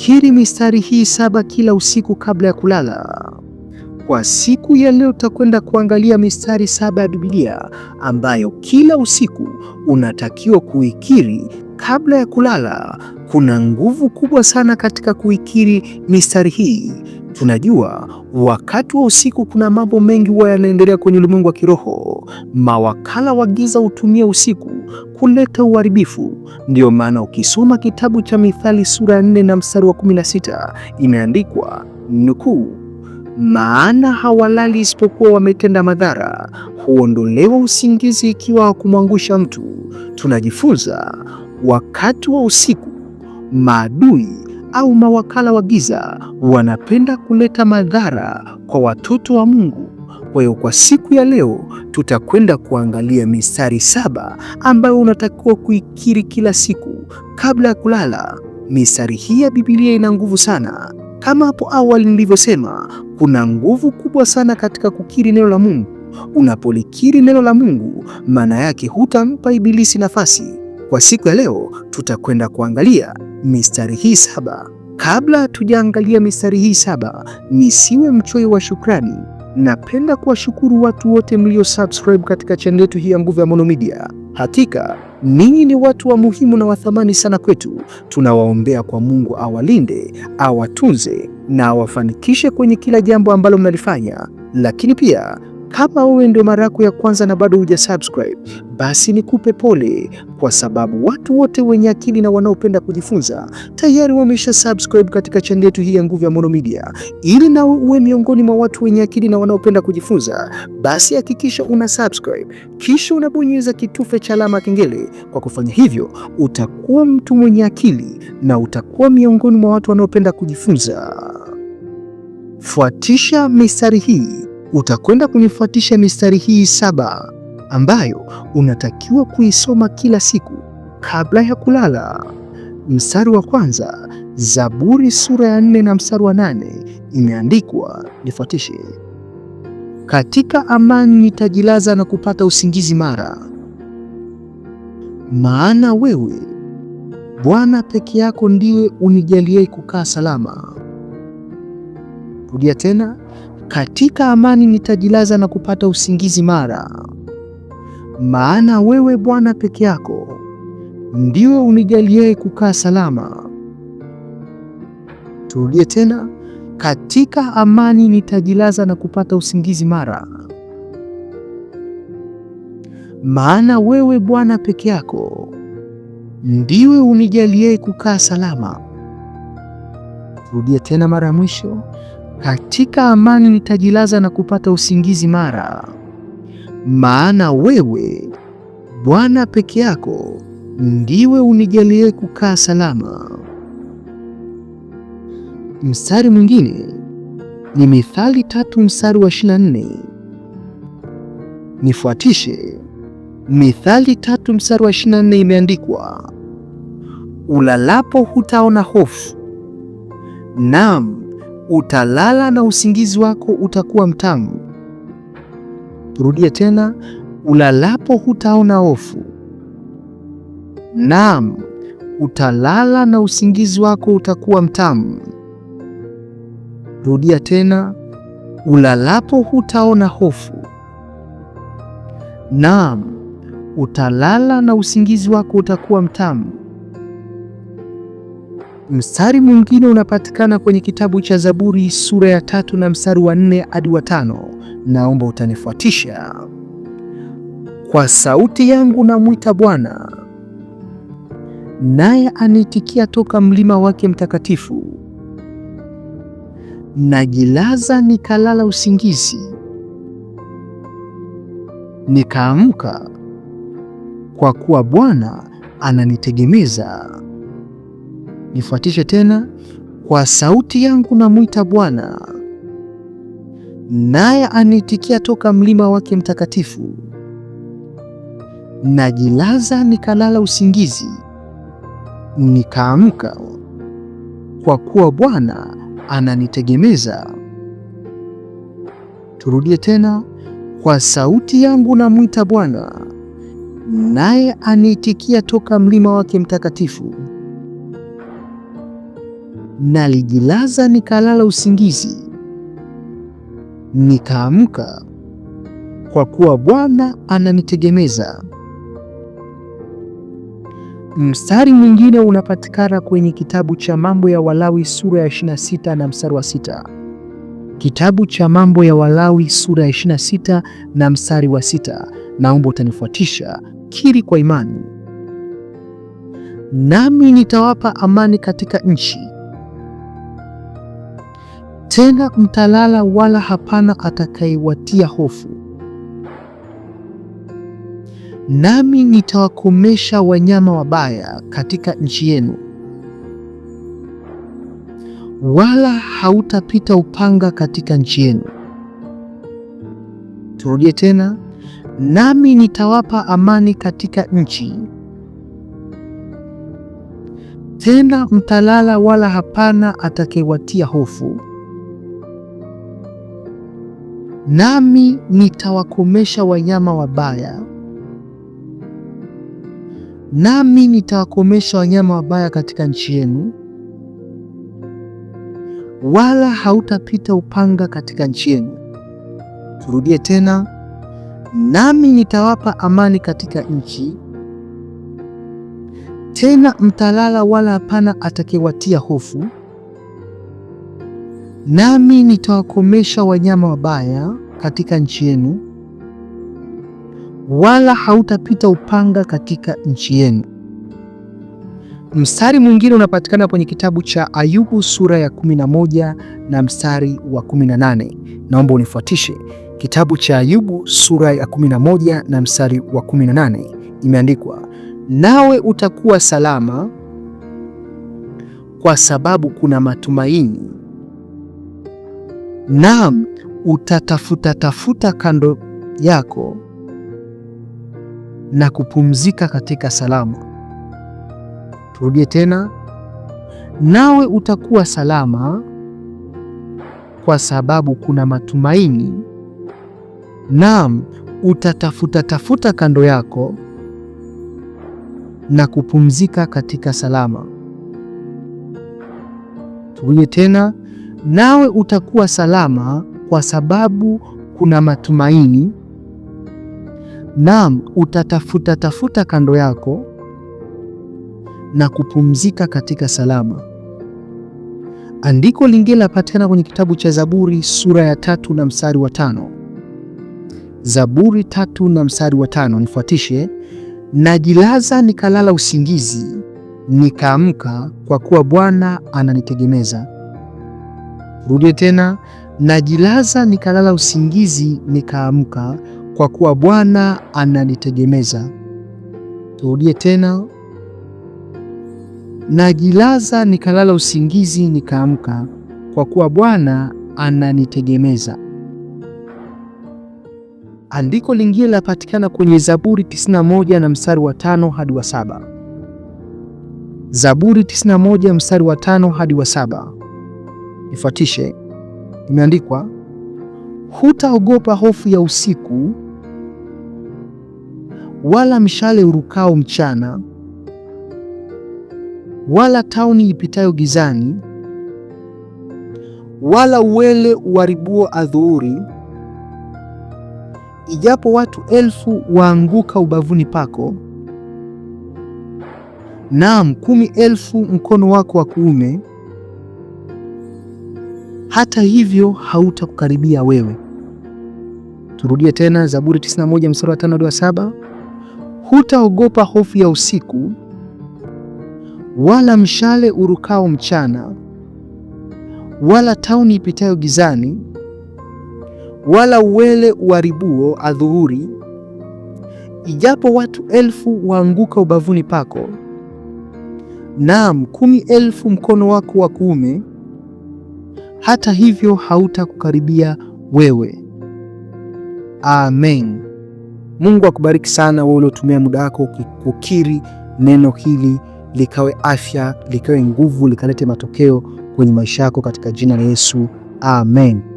Kiri mistari hii saba kila usiku kabla ya kulala. Kwa siku ya leo utakwenda kuangalia mistari saba ya Biblia ambayo kila usiku unatakiwa kuikiri kabla ya kulala, kuna nguvu kubwa sana katika kuikiri mistari hii. Tunajua wakati wa usiku kuna mambo mengi huwa yanaendelea kwenye ulimwengu wa kiroho. Mawakala wa giza hutumia usiku kuleta uharibifu. Ndiyo maana ukisoma kitabu cha Mithali sura ya 4 na mstari wa 16 imeandikwa nukuu, maana hawalali isipokuwa wametenda madhara, huondolewa usingizi ikiwa kumwangusha mtu. Tunajifunza Wakati wa usiku, maadui au mawakala wa giza wanapenda kuleta madhara kwa watoto wa Mungu. Kwa hiyo kwa siku ya leo tutakwenda kuangalia mistari saba ambayo unatakiwa kuikiri kila siku kabla ya kulala. Mistari hii ya Biblia ina nguvu sana. Kama hapo awali nilivyosema, kuna nguvu kubwa sana katika kukiri neno la Mungu. Unapolikiri neno la Mungu, maana yake hutampa ibilisi nafasi kwa siku ya leo tutakwenda kuangalia mistari hii saba. Kabla tujaangalia mistari hii saba, nisiwe mchoyo wa shukrani. Napenda kuwashukuru watu wote mlio subscribe katika channel yetu hii ya Nguvu ya Maono Media. Hakika ninyi ni watu wa muhimu na wathamani sana kwetu. Tunawaombea kwa Mungu awalinde, awatunze na awafanikishe kwenye kila jambo ambalo mnalifanya, lakini pia kama wewe ndio mara yako ya kwanza na bado subscribe, basi nikupe pole, kwa sababu watu wote wenye akili na wanaopenda kujifunza tayari wamesha subscribe katika chaneli yetu hii ya Nguvu ya Maono Media. Ili na uwe miongoni mwa watu wenye akili na wanaopenda kujifunza, basi hakikisha una subscribe kisha unabonyeza kitufe cha alama kengele. Kwa kufanya hivyo, utakuwa mtu mwenye akili na utakuwa miongoni mwa watu wanaopenda kujifunza. Fuatisha mistari hii utakwenda kunifuatisha mistari hii saba ambayo unatakiwa kuisoma kila siku kabla ya kulala. Mstari wa kwanza, Zaburi sura ya nne na mstari wa nane imeandikwa, nifuatishe: katika amani nitajilaza na kupata usingizi mara, maana wewe Bwana peke yako ndiwe unijaliye kukaa salama. Rudia tena, katika amani nitajilaza na kupata usingizi mara, maana wewe Bwana peke yako ndiwe unijaliye kukaa salama. Turudie tena, katika amani nitajilaza na kupata usingizi mara, maana wewe Bwana peke yako ndiwe unijaliye kukaa salama. Turudie tena mara ya mwisho katika amani nitajilaza na kupata usingizi mara, maana wewe Bwana peke yako ndiwe unijalie kukaa salama. Mstari mwingine ni Mithali tatu mstari wa 24. Nifuatishe Mithali tatu mstari wa 24, imeandikwa ulalapo hutaona hofu, naam utalala na usingizi wako utakuwa mtamu. rudia tena, ulalapo hutaona hofu. Naam, utalala na usingizi wako utakuwa mtamu. Rudia tena, ulalapo hutaona hofu. Naam, utalala na usingizi wako utakuwa mtamu. Mstari mwingine unapatikana kwenye kitabu cha Zaburi sura ya tatu na mstari wa nne hadi wa tano. Naomba utanifuatisha. Kwa sauti yangu namwita Bwana, naye anitikia toka mlima wake mtakatifu. Najilaza nikalala usingizi, nikaamka, kwa kuwa Bwana ananitegemeza nifuatishe tena. Kwa sauti yangu namwita Bwana, naye aniitikia toka mlima wake mtakatifu. Najilaza nikalala usingizi, nikaamka, kwa kuwa Bwana ananitegemeza. Turudie tena. Kwa sauti yangu namwita Bwana, naye aniitikia toka mlima wake mtakatifu nalijilaza nikalala usingizi, nikaamka kwa kuwa Bwana ananitegemeza. Mstari mwingine unapatikana kwenye kitabu cha Mambo ya Walawi sura ya 26 na mstari wa sita. Kitabu cha Mambo ya Walawi sura ya 26 na mstari wa sita. Naomba utanifuatisha, kiri kwa imani, nami nitawapa amani katika nchi tena mtalala, wala hapana atakayewatia hofu. Nami nitawakomesha wanyama wabaya katika nchi yenu, wala hautapita upanga katika nchi yenu. Turudie tena, nami nitawapa amani katika nchi, tena mtalala, wala hapana atakayewatia hofu nami nitawakomesha wanyama wabaya, nami nitawakomesha wanyama wabaya katika nchi yenu, wala hautapita upanga katika nchi yenu. Turudie tena, nami nitawapa amani katika nchi, tena mtalala wala hapana atakewatia hofu nami nitawakomesha wanyama wabaya katika nchi yenu, wala hautapita upanga katika nchi yenu. Mstari mwingine unapatikana kwenye kitabu cha Ayubu sura ya 11 na mstari wa 18. Naomba unifuatishe kitabu cha Ayubu sura ya 11 na mstari wa 18, imeandikwa nawe utakuwa salama, kwa sababu kuna matumaini naam, utatafuta tafuta kando yako na kupumzika katika salama. Turudie tena, nawe utakuwa salama kwa sababu kuna matumaini. Naam, utatafuta tafuta kando yako na kupumzika katika salama. Turudie tena, nawe utakuwa salama kwa sababu kuna matumaini. Naam, utatafuta tafuta kando yako na kupumzika katika salama. Andiko lingine lapatikana kwenye kitabu cha Zaburi sura ya tatu na mstari wa tano. Zaburi tatu na mstari wa tano, nifuatishe. Najilaza nikalala usingizi, nikaamka, kwa kuwa Bwana ananitegemeza. Rudie tena, najilaza nikalala usingizi nikaamka, kwa kuwa Bwana ananitegemeza. Turudie tena, najilaza nikalala usingizi nikaamka, kwa kuwa Bwana ananitegemeza. Andiko lingine linapatikana kwenye Zaburi 91 na mstari wa tano hadi wa saba. Zaburi 91 mstari wa tano hadi wa saba nifuatishe, imeandikwa hutaogopa hofu ya usiku, wala mshale urukao mchana, wala tauni ipitayo gizani, wala uwele uharibuo adhuhuri. Ijapo watu elfu waanguka ubavuni pako, naam, kumi elfu mkono wako wa kuume hata hivyo hautakukaribia wewe. Turudie tena Zaburi 91 mstari wa 5 hadi wa 7, hutaogopa hofu ya usiku, wala mshale urukao mchana, wala tauni ipitayo gizani, wala uwele uharibuo adhuhuri. Ijapo watu elfu waanguka ubavuni pako, naam, kumi elfu mkono wako wa kuume hata hivyo hautakukaribia wewe. Amen. Mungu akubariki sana wewe uliotumia muda wako kukiri neno hili, likawe afya, likawe nguvu, likalete matokeo kwenye maisha yako katika jina la Yesu. Amen.